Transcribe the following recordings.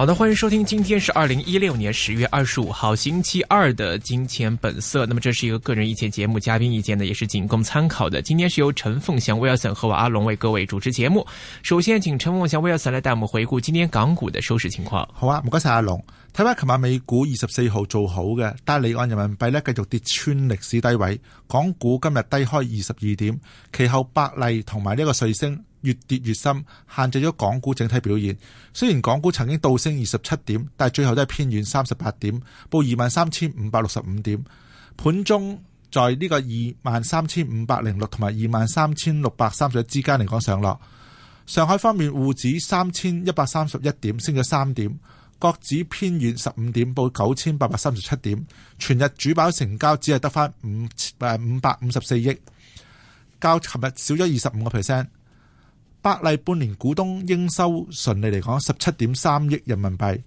好的，歡迎收聽，今天是二零一六年十月二十五號星期二的金錢本色。那麼這是一個個人意見節目，嘉賓意見呢也是僅供參考的。今天是由陳鳳翔 Wilson 和我阿龍為各位主持節目。首先請陳鳳翔 Wilson 來帶我們回顧今天港股的收市情況。好啊，唔該曬阿龍。睇翻琴晚美股二十四號做好嘅，但係離岸人民幣呢繼續跌穿歷史低位。港股今日低開二十二點，其後百麗同埋呢個瑞聲。越跌越深，限制咗港股整體表現。雖然港股曾經倒升二十七點，但係最後都係偏遠三十八點，報二萬三千五百六十五點。盤中在呢個二萬三千五百零六同埋二萬三千六百三十一之間嚟講上落。上海方面，滬指三千一百三十一點升咗三點，國指偏遠十五點，報九千八百三十七點。全日主板成交只係得返五誒五百五十四億，較琴日少咗二十五個 percent。百麗半年股東應收純利嚟講十七點三億人民幣，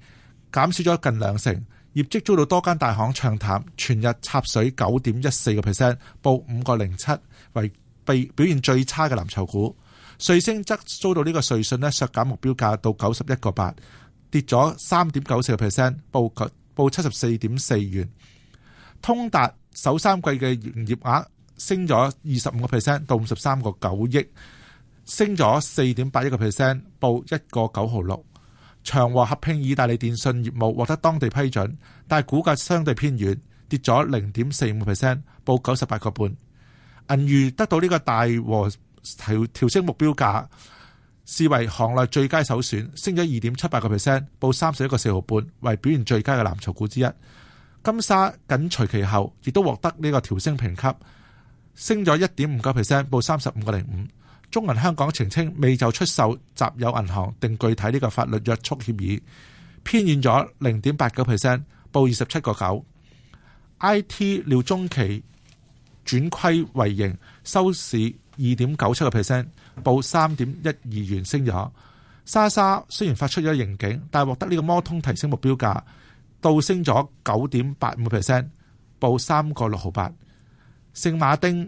減少咗近兩成。業績遭到多間大行唱淡，全日插水九點一四個 percent，報五個零七，為被表現最差嘅藍籌股。瑞星則遭到呢個瑞信咧削減目標價到九十一個八，跌咗三點九四個 percent，報報七十四點四元。通達首三季嘅營業額升咗二十五個 percent 到五十三個九億。升咗四點八一個 percent，報一個九毫六。長和合併意大利電信業務獲得當地批准，但係股價相對偏軟，跌咗零點四五 percent，報九十八個半。銀娛得到呢個大和調調升目標價，視為行內最佳首選升，升咗二點七八個 percent，報三十一個四毫半，為表現最佳嘅藍籌股之一，嗯。金沙緊隨其後，亦都獲得呢個調升評級升，升咗一點五九 percent，報三十五個零五。中銀香港澄清未就出售集友銀行定具體呢個法律約束協議，偏軟咗零點八九 percent，報二十七個九。I T 料中期轉虧為盈，收市二點九七個 percent，報三點一二元，升咗。莎莎雖然發出咗盈警，但係獲得呢個摩通提升目標價，倒升咗九點八五 percent，報三個六毫八。聖馬丁。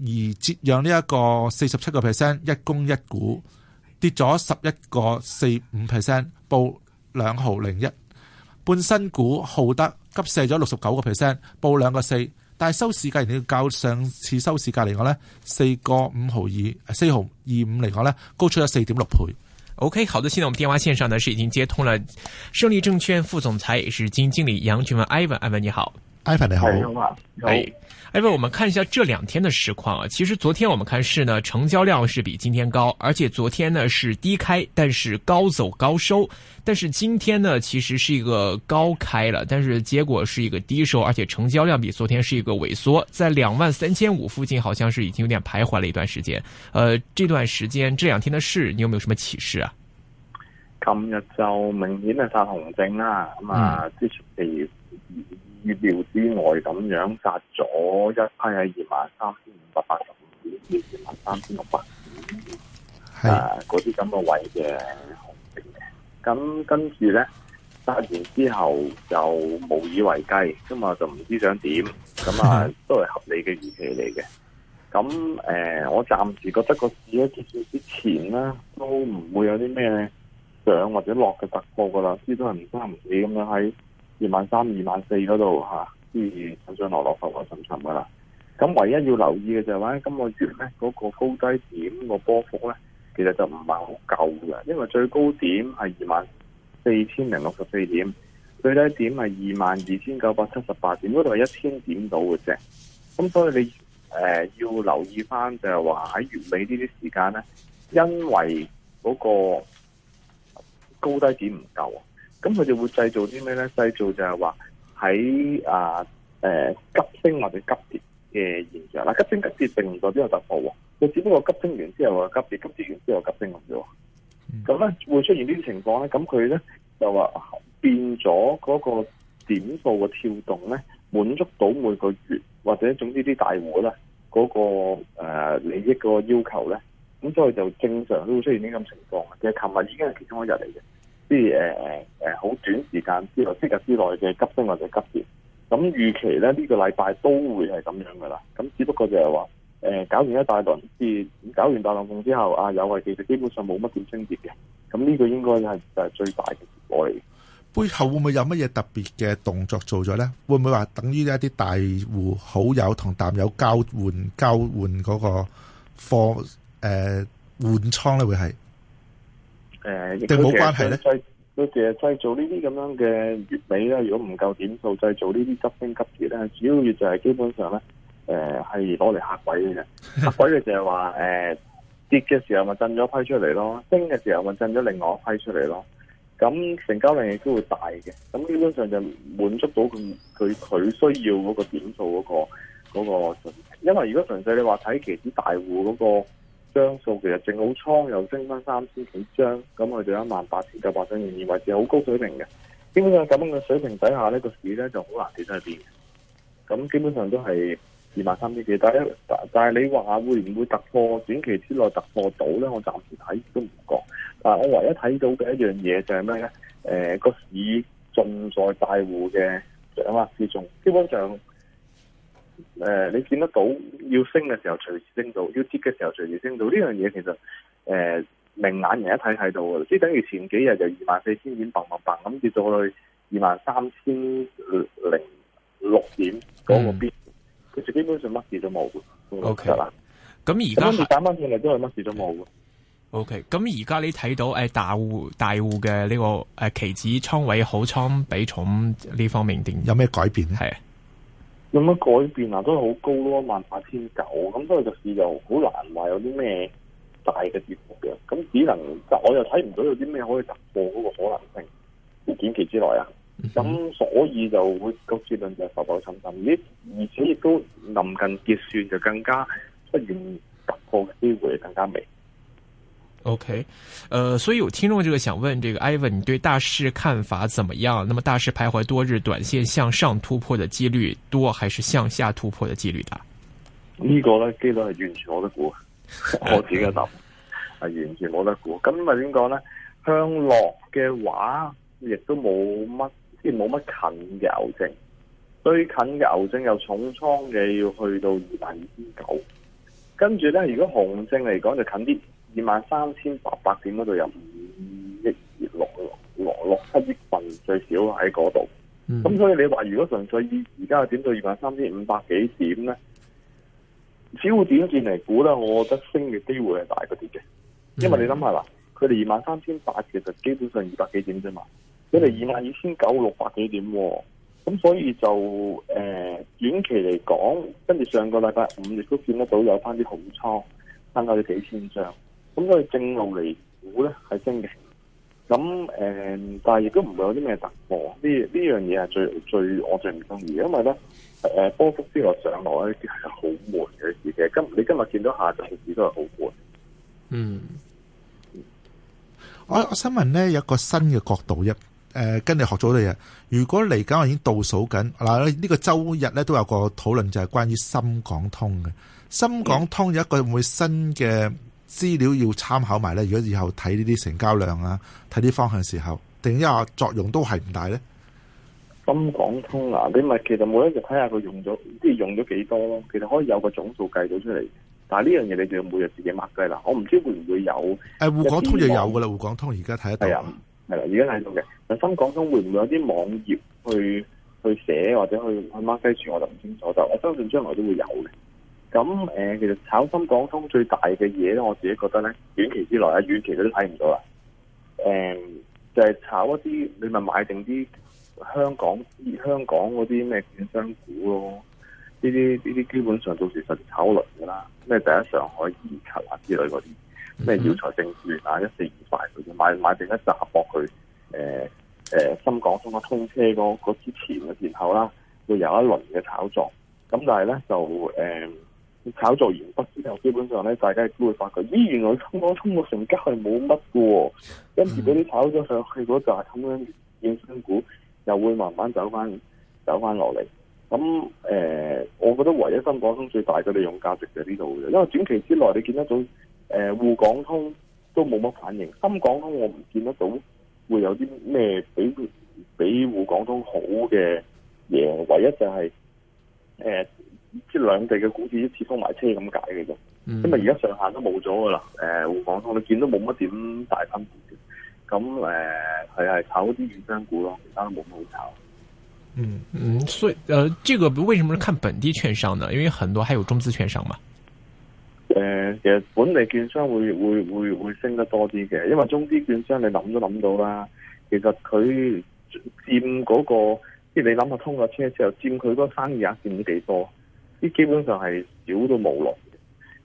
而折讓呢一個四十七個 percent，一公一股跌咗十一個四五 percent，報兩毫零一，半新股浩德急瀉咗六十九個 percent，報兩個四。但係收市價，仍要較上次收市價嚟講呢，四個五毫二，四毫二五嚟講呢，高出咗四點六倍。OK，好的，現在我們電話線上呢是已經接通了，勝利證券副總裁也是基金經理楊俊文，艾文，艾文你好。Ivan 你好，哎、Hey, Ivan，我們看一下這兩天的市況啊。其實昨天我們看市呢，成交量是比今天高，而且昨天呢是低開，但是高走高收。但是今天呢，其實是一個高開了，但是結果是一個低收，而且成交量比昨天是一個萎縮，在兩萬三千五附近，好像是已經有點徘徊了一段時間。呃，這段時間這兩天的市，你有沒有什麼啟示啊？今日就明顯係殺紅證啦，啊、嗯，即預料之外咁樣殺咗一批喺二萬三千五百八十五點，二萬三千六百點，係嗰啲咁嘅位嘅紅色嘅。咁跟住咧殺完之後就無以為繼，咁啊就唔知想點，咁啊都係合理嘅預期嚟嘅。咁誒、 呃，我暫時覺得個市咧，至少之前啦，都唔會有啲咩上或者落嘅突破噶啦，啲都係唔三唔四咁樣喺。二萬三、二萬四嗰度吓，跟住上上落落、浮浮沉沉噶啦。咁唯一要留意嘅就係、是、話，今個月咧嗰個高低點個波幅咧，其實就唔係好夠嘅，因為最高點係二萬四千零六十四點，最低點係二萬二千九百七十八點，嗰度係一千點到嘅啫。咁所以你誒、呃、要留意翻，就是，就係話喺月尾呢啲時間咧，因為嗰個高低點唔夠啊。咁佢就會製造啲咩咧？製造就係話喺啊誒、呃、急升或者急跌嘅、呃、現象。嗱，急升急跌並唔代表突破喎，佢只不過急升完之後又急跌，急跌完之後急升咁啫喎。咁咧、嗯、會出現呢啲情況咧，咁佢咧就話變咗嗰個點數嘅跳動咧，滿足到每個月或者總之啲大戶咧嗰個、呃、利益嗰個要求咧，咁所以就正常都會出現呢咁情況。其實琴日已經係其中一日嚟嘅。即係誒誒誒，好、呃呃呃、短時間之內，即日之內嘅急升或者急跌，咁預期咧呢、呢個禮拜都會係咁樣噶啦。咁只不過就係話，誒搞完一大輪，即係搞完大龍鳳之後，啊有位其實基本上冇乜點升跌嘅。咁呢個應該係就係、是、最大嘅結果嚟嘅。背後會唔會有乜嘢特別嘅動作做咗咧？會唔會話等於一啲大戶好友同淡友交換交換嗰個貨誒換倉咧？會係？誒，亦、呃、都冇關係咧，其實佢成日製造呢啲咁樣嘅月尾啦，如果唔夠點數製造呢啲急升急跌咧，主要嘢就係基本上咧，誒係攞嚟嚇鬼嘅。嚇鬼嘅就係話誒跌嘅時候咪震咗批出嚟咯，升嘅時候咪震咗另外一批出嚟咯，咁成交量亦都會大嘅，咁基本上就滿足到佢佢佢需要嗰個點數嗰個嗰個，因為如果純粹你話睇期指大戶嗰個。張數其實正好倉又升翻三千幾張，咁我就一萬八千九百張，仍然維持好高水平嘅。基本上咁樣嘅水平底下，呢個市咧就好難跌低。跌嘅。咁基本上都係二萬三千幾，但係但係你話會唔會突破短期之內突破到咧？我暫時睇都唔覺。但係我唯一睇到嘅一樣嘢就係咩咧？誒、呃，個市盡在大戶嘅掌握之中，基本上。誒，你見得到要升嘅時候隨時升到，要跌嘅時候隨時升到，呢樣嘢其實誒、呃、明眼人一睇睇到嘅。即係等於前幾日就二萬四千點嘣嘣嘣咁跌到去二萬三千零六點嗰個邊，佢就基本上乜事都冇 O K 啦，咁而家你打翻轉嚟都係乜事都冇 O K。咁而家你睇到誒大戶大戶嘅呢個誒期指倉位好倉比重呢方面定有咩改變係有乜改變啊？都係好高咯，萬八千九。咁所以就市又好難話有啲咩大嘅跌幅嘅。咁只能，就我又睇唔到有啲咩可以突破嗰個可能性。喺短期之內啊，咁所以就會個結論就浮浮沉沉。而且亦都臨近結算就更加出現突破嘅機會更加微。O K，誒、所以有聽眾就係想問，這個 Ivan，你對大市看法怎麼樣？那麼大市徘徊多日，短線向上突破的幾率多，還是向下突破的幾率大？這個呢個咧，幾率係完全冇得估，我自己嘅答案係完全冇得估。咁咪點講咧？向落嘅話沒什麼，亦都冇乜，即係冇乜近嘅牛證，最近嘅牛證又重倉嘅要去到二萬二千九，跟住咧，如果熊證嚟講就近啲。二萬三千八百點嗰度有五億、六六六七億份最少喺嗰度，咁、嗯、所以你話如果純粹而家係點到二萬三千五百幾點咧，小點見嚟估啦，我覺得升嘅機會係大啲嘅，嗯、因為你諗下啦，佢哋二萬三千八其實基本上二百幾點啫嘛，佢哋二萬二千九六百幾點、哦，咁所以就誒、呃、短期嚟講，跟住上個禮拜五亦都見得到有返啲好倉，增加咗幾千張。咁佢正路嚟估咧係升嘅，咁誒，但係亦都唔會有啲咩突破呢？呢樣嘢係最最我最唔中意，因為咧誒，波幅之外上落咧，呢啲係好悶嘅事嘅。今你今日見到下晝市都係好悶。嗯，我我想問咧，有一個新嘅角度啫。誒，跟你學咗啲嘢，如果嚟緊我已經倒數緊嗱，呢呢個周日咧都有個討論，就係關於深港通嘅。深港通有一個會新嘅。資料要參考埋咧，如果以後睇呢啲成交量啊，睇啲方向時候，定一下作用都係唔大咧。深港通啊，你咪其實每一日睇下佢用咗，即係用咗幾多咯，其實可以有個總數計到出嚟。但係呢樣嘢你要每日自己默計啦，我唔知會唔會有。誒，滬港通就有噶啦，滬港通而家睇得到。係啦，而家睇到嘅。深港通會唔會有啲網頁去去寫或者去去 mark 低住，我就唔清楚。就我相信將來都會有嘅。咁誒、呃，其實炒深港通最大嘅嘢咧，我自己覺得咧，短期之內啊，遠期佢都睇唔到啦。誒、嗯，就係、是、炒一啲，你咪買定啲香港、香港啲咩券商股咯。呢啲呢啲基本上到時實炒輪㗎啦。咩第一上海二級啊之類嗰啲，咩耀才證券啊一四二八嗰啲，買買定一紮博去誒誒、呃呃、深港通嘅通車嗰、那個、之前嘅時候啦，會有一輪嘅炒作。咁但係咧就誒。嗯炒作完畢之後，基本上咧，大家都會發覺，咦，原來深港通嘅成交係冇乜嘅，跟住嗰啲炒咗上去嗰就係咁樣股，應聲股又會慢慢走翻，走翻落嚟。咁誒、呃，我覺得唯一深港通最大嘅利用價值就係呢度嘅，因為短期之內你見得到誒，滬、呃、港通都冇乜反應，深港通我唔見得到會有啲咩比比滬港通好嘅嘢，唯一就係、是、誒。呃即兩地嘅股市一次封埋車咁解嘅啫，因為而家上限都冇咗噶啦。誒、嗯，滬港通你見都冇乜點大分別嘅，咁誒，佢係炒啲券商股咯，其他都冇乜好炒。嗯嗯，所以誒、呃，這個為什麼係看本地券商呢？因為很多還有中資券商嘛。誒、呃，其實本地券商會會會會升得多啲嘅，因為中資券商你諗都諗到啦，其實佢佔嗰個即你諗下通過車之後，佔佢嗰個生意額佔幾多？啲基本上係少到冇落嘅，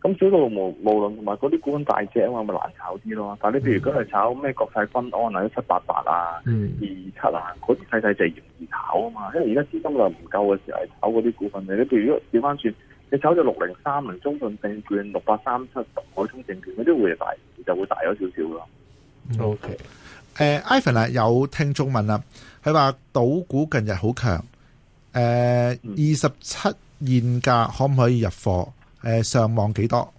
咁少到冇冇論，同埋嗰啲股份大隻啊嘛，咪難炒啲咯。但係你譬如如果係炒咩國泰君安啊、一七八八啊、二二七啊嗰啲，細細就係容易炒啊嘛。因為而家資金量唔夠嘅時候係炒嗰啲股份嘅。你譬如如果調翻轉，你炒咗六零三、中信證券、六八三七、海通證券嗰啲，會大就會大咗少少咯。O K、嗯。誒 okay.、uh,，Ivan 啊，有聽眾問啦，佢話賭股近日好強。誒、uh, 嗯，二十七。現價可唔可以入貨？誒，上望幾多？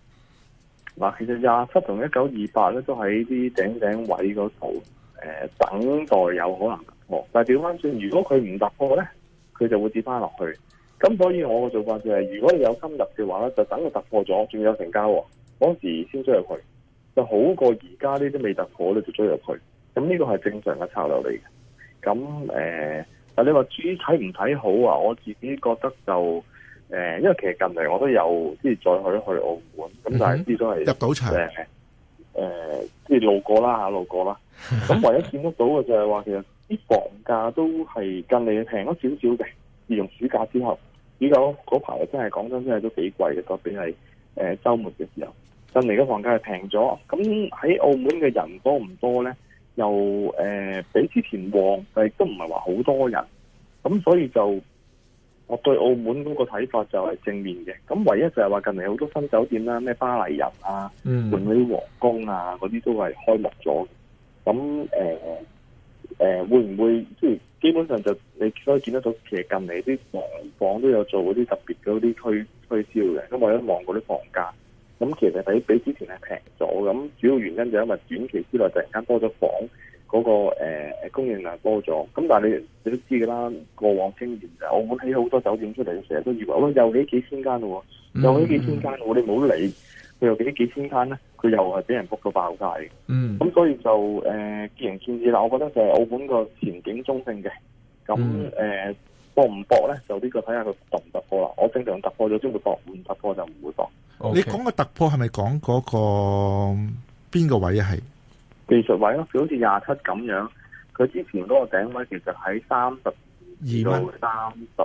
嗱，其實廿七同一九二八咧，都喺啲頂頂位嗰度，誒、呃，等待有可能突破。但係調翻轉，如果佢唔突破咧，佢就會跌翻落去。咁所以我嘅做法就係、是，如果你有心入嘅話咧，就等佢突破咗，仲有成交往，嗰時先追入去，就好過而家呢啲未突破咧就追入去。咁呢個係正常嘅策略嚟嘅。咁誒，嗱、呃，但你話主睇唔睇好啊？我自己覺得就。誒，因為其實近嚟，我都有即係再去去澳門，咁、嗯、哼但係始終係入到場誒，即係路過啦吓，路過啦。咁唯一見得到嘅就係話，其實啲房價都係近嚟平咗少少嘅。自從暑假之後，比較嗰排真係講真真係都幾貴嘅，特別係誒周末嘅時候。近嚟嘅房價係平咗，咁喺澳門嘅人多唔多咧？又誒比之前旺，但係都唔係話好多人，咁所以就。我對澳門嗰個睇法就係正面嘅，咁唯一就係話近嚟好多新酒店啦、啊，咩巴黎人啊、永利皇宮啊嗰啲都係開幕咗。咁誒誒，會唔會即係、就是、基本上就你可以見得到，其實近嚟啲房房都有做嗰啲特別嗰啲推推銷嘅。咁我一望嗰啲房價，咁其實比比之前係平咗。咁主要原因就是因為短期之內突然間多咗房。嗰、那個誒供應量多咗，咁但係你你都知㗎啦，過往經驗就澳門起好多酒店出嚟，成日都以為哇、哦、又起幾千間咯，有起幾千間我哋冇理佢有幾幾千間咧、哦，佢、嗯、又係俾、哦、人 book 到爆曬嘅。咁、嗯嗯、所以就誒見仁見智啦。我覺得就係澳門個前景中性嘅。咁、嗯、誒、嗯嗯、搏唔搏咧？就呢、這個睇下佢突唔突破啦。我正常突破咗先會搏，唔 Okay. 突破就唔會搏。你講嘅突破係咪講嗰個邊個位啊？係？技術位咯，就好似廿七咁樣，佢之前嗰個頂位其實喺三十二蚊，三十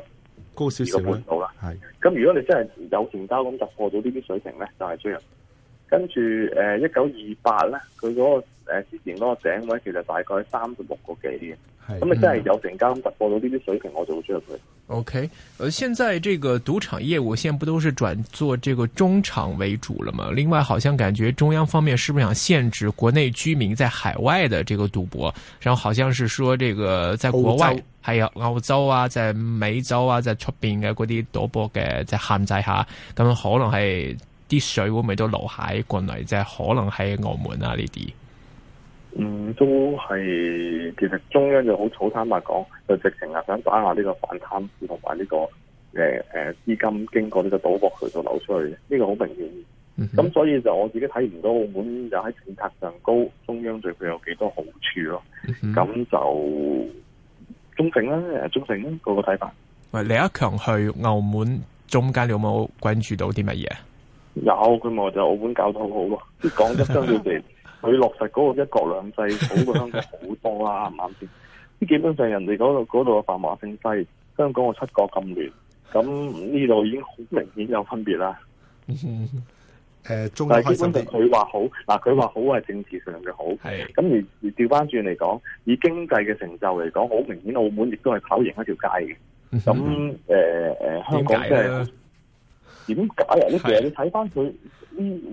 高少少半度啦。係的，咁如果你真係有成交咁突破到呢啲水平咧，就係追入。跟住，誒、呃，一九二八咧，佢嗰、嗰個誒之前嗰個頂位其實大概三十六個幾嘅。咁啊，真係有成間突破到呢啲水平，我就會出去。O K，呃，現在這個賭場業務，現在不都是轉做這個中場為主了嗎？另外，好像感覺中央方面是不是想限制國內居民在海外的這個賭博？然後好像是說，這個在國外還有澳洲，澳洲啊，在美洲啊，在係出邊嘅嗰啲賭博嘅，即係限制下。咁可能係啲水我們都留喺國內？即係可能喺澳門啊呢啲。嗯，都係其實中央就好草坦白講，就直情係想打壓呢個反貪、這個，同埋呢個誒誒資金經過呢個賭博渠道流出嚟嘅，呢、這個好明顯。咁、嗯、哼所以就我自己睇唔到澳門又喺政策上高，中央對佢有幾多好處咯、啊。咁、嗯、哼就中性啦，誒中性啦，個個睇法。喂，李克強去澳門中間你有冇關注到啲乜嘢？有，佢話就澳門搞得好好咯，即係講得真係地。 佢落實嗰個一國兩制，好過香港好多啦、啊，啱唔啱先？咁基本上人哋嗰度嗰度嘅繁華盛世，香港個七國咁亂，咁呢度已經好明顯有分別啦。誒、嗯，中的但係基本上佢話好，嗱佢話好係政治上嘅好，係是。咁而而調翻轉嚟講，以經濟嘅成就嚟講，好明顯澳門亦都係跑贏一條街嘅。咁誒誒，呃、香港即係點解啊？為什麼呢樣是你睇翻佢，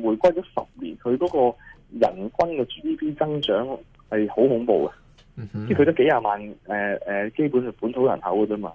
回歸咗十年，佢嗰、那個。人均嘅 GDP 增長係好恐怖嘅，即係佢得幾廿萬誒誒、呃，基本嘅本土人口嘅啫嘛。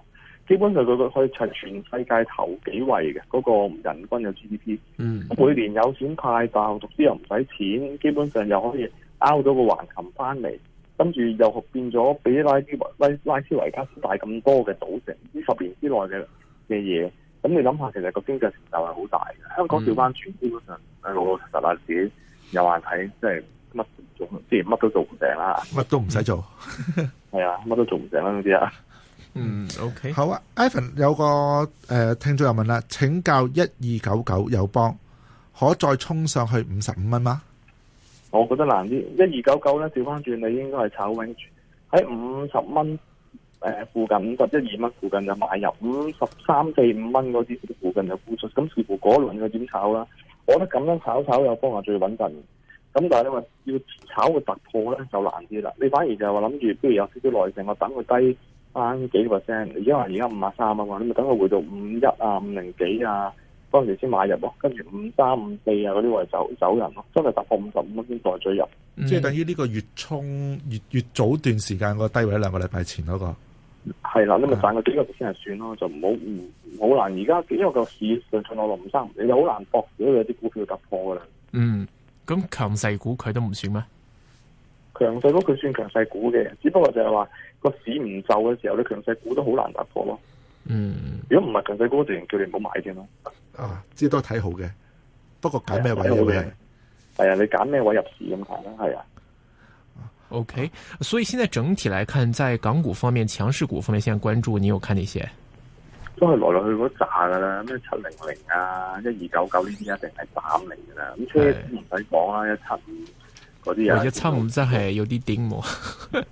基本上佢個可以係全世界頭幾位嘅嗰、嗰個人均嘅 GDP，mm hmm. 每年有錢派爆，讀書又唔使錢，基本上又可以撈到個橫琴翻嚟，跟住又變咗俾拉斯維拉斯維加斯大咁多嘅賭城，呢十年之內嘅嘅嘢，咁你諗下，其實個經濟成就係好大嘅。香港掉翻轉，mm hmm. 基本上老老實實啦，自己。有眼睇，即係乜都做，即係乜都做唔成啦。乜都唔使做，係啊， 乜都做唔成啦嗰啲啊。嗯、mm,，OK，好啊。Ivan 有個誒、呃、聽眾又問啦，請教一二九九友邦，可再衝上去五十五蚊嗎？我覺得難啲，一二九九咧調翻轉，你應該係炒永駐喺五十蚊誒附近，五十一二蚊附近就買入，五十三四五蚊嗰啲附近就沽出，咁似乎嗰輪佢點炒啦。我覺得咁樣炒炒有方法最穩陣，咁但係你話要炒個突破咧就難啲啦。你反而就話諗住，不如有少少耐性，我等佢低翻幾個 percent，因為而家五啊三啊嘛，你咪等佢回到五一啊、五零幾啊，嗰陣時先買入咯，跟住五三、五四啊嗰啲位走走人咯，真係突破五十五蚊先再追入。嗯、即係等於呢個月冲月月早段時間個低位兩個禮拜前嗰、嗰個。係啦，你咪賺個幾個字先係算咯，就唔好唔好難。而家因為個市上上落落唔生，你又好難博到有啲股票突破噶啦。嗯，咁強勢股佢都唔算咩？強勢股佢算強勢股嘅，只不過就係話個市唔就嘅時候，你強勢股都好難突破咯。嗯，如果唔係強勢股，就叫你唔好買先咯。啊，知都睇好嘅，不過揀咩位都係，係啊，你揀咩位入市咁係啊。是 O、okay. K，所以現在整體來看，在港股方面強勢股方面，現在關注你有看哪些？都係來來去去嗰紮噶啦，咩七零零啊，一二九九呢啲一定係斬嚟噶啦。咁所以唔使講啦，一七五嗰啲啊，一七五真係有啲癲喎，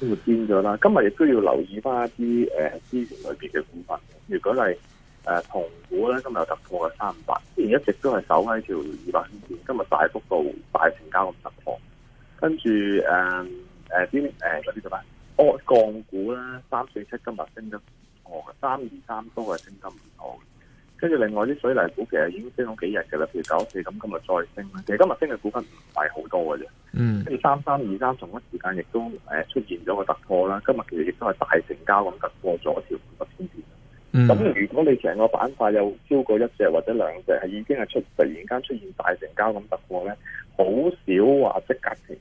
都變咗啦。 今日亦都要留意翻一啲誒，資源裏邊嘅股份。如果係誒、呃，銅股咧今日有突破嘅三百，之前一直都係守喺條二百一線，今日大幅度大成交。跟住誒誒啲誒嗰啲叫咩？哦，鋼股啦，三四七今日升得唔錯嘅，三二三都係升得唔錯嘅。跟住另外啲水泥股其實已經升咗幾日嘅啦，譬如九四咁，今日再升啦。其實今日升嘅股份唔係好多嘅啫。嗯，跟住三三二三，同一時間亦都誒出現咗個突破啦。今日其實亦都係大成交咁突破咗一條五百點線。咁如果你成個板塊又超過一隻或者兩隻係已經係出突然間出現大成交咁突破咧，好少話即刻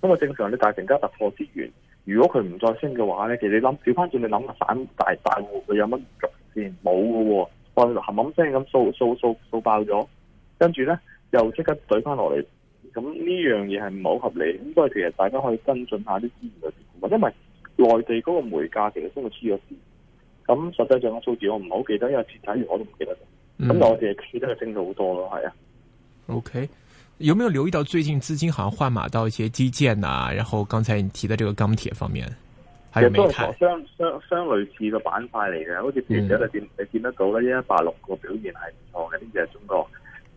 咁啊，因為正常你大成交突破資源，如果佢唔再升嘅話咧，其實你諗調翻轉，你諗下反大大戶佢有乜做先？冇嘅喎，佢就冚冚聲咁掃掃掃掃爆咗，跟住咧又即刻懟翻落嚟，咁呢樣嘢係唔好合理。咁所以其實大家可以跟進下啲資源嘅情況，因為內地嗰個煤價其實都係黐咗線。咁實際上嘅數字我唔係好記得，因為前睇完我都唔記得咗。我哋地黐得係升咗好多咯，係啊。O K。有沒有留意到最近資金好像換馬到一些基建啊，然後剛才你提的這個鋼鐵方面，其實都係相相相類似嘅板塊嚟嘅，好似前日你見、嗯、你見得到啦，一一百六個表現係唔錯嘅，呢隻係中國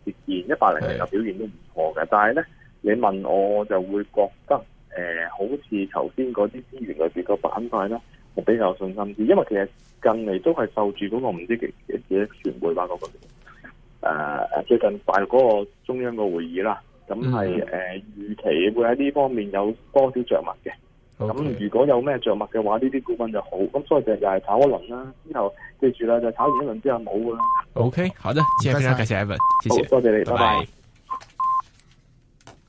基建一百零零個表現都唔錯嘅，的但係咧你問我，我就會覺得誒、呃，好似頭先嗰啲資源類別嘅板塊咧，我比較信心啲，因為其實近嚟都係受住嗰個唔知幾幾隻船會個。誒、啊，最近大陸個中央嘅會議啦，咁係誒預期會喺呢方面有多啲着墨嘅。咁 Okay. 如果有咩着墨嘅話，呢啲股份就好。咁所以就又係炒一輪啦。之後記住、就是、後啦，就炒完一輪之後冇噶啦。O K，好的，謝千謝千謝謝，多謝阿 Ivan，多謝多謝，拜拜。拜拜。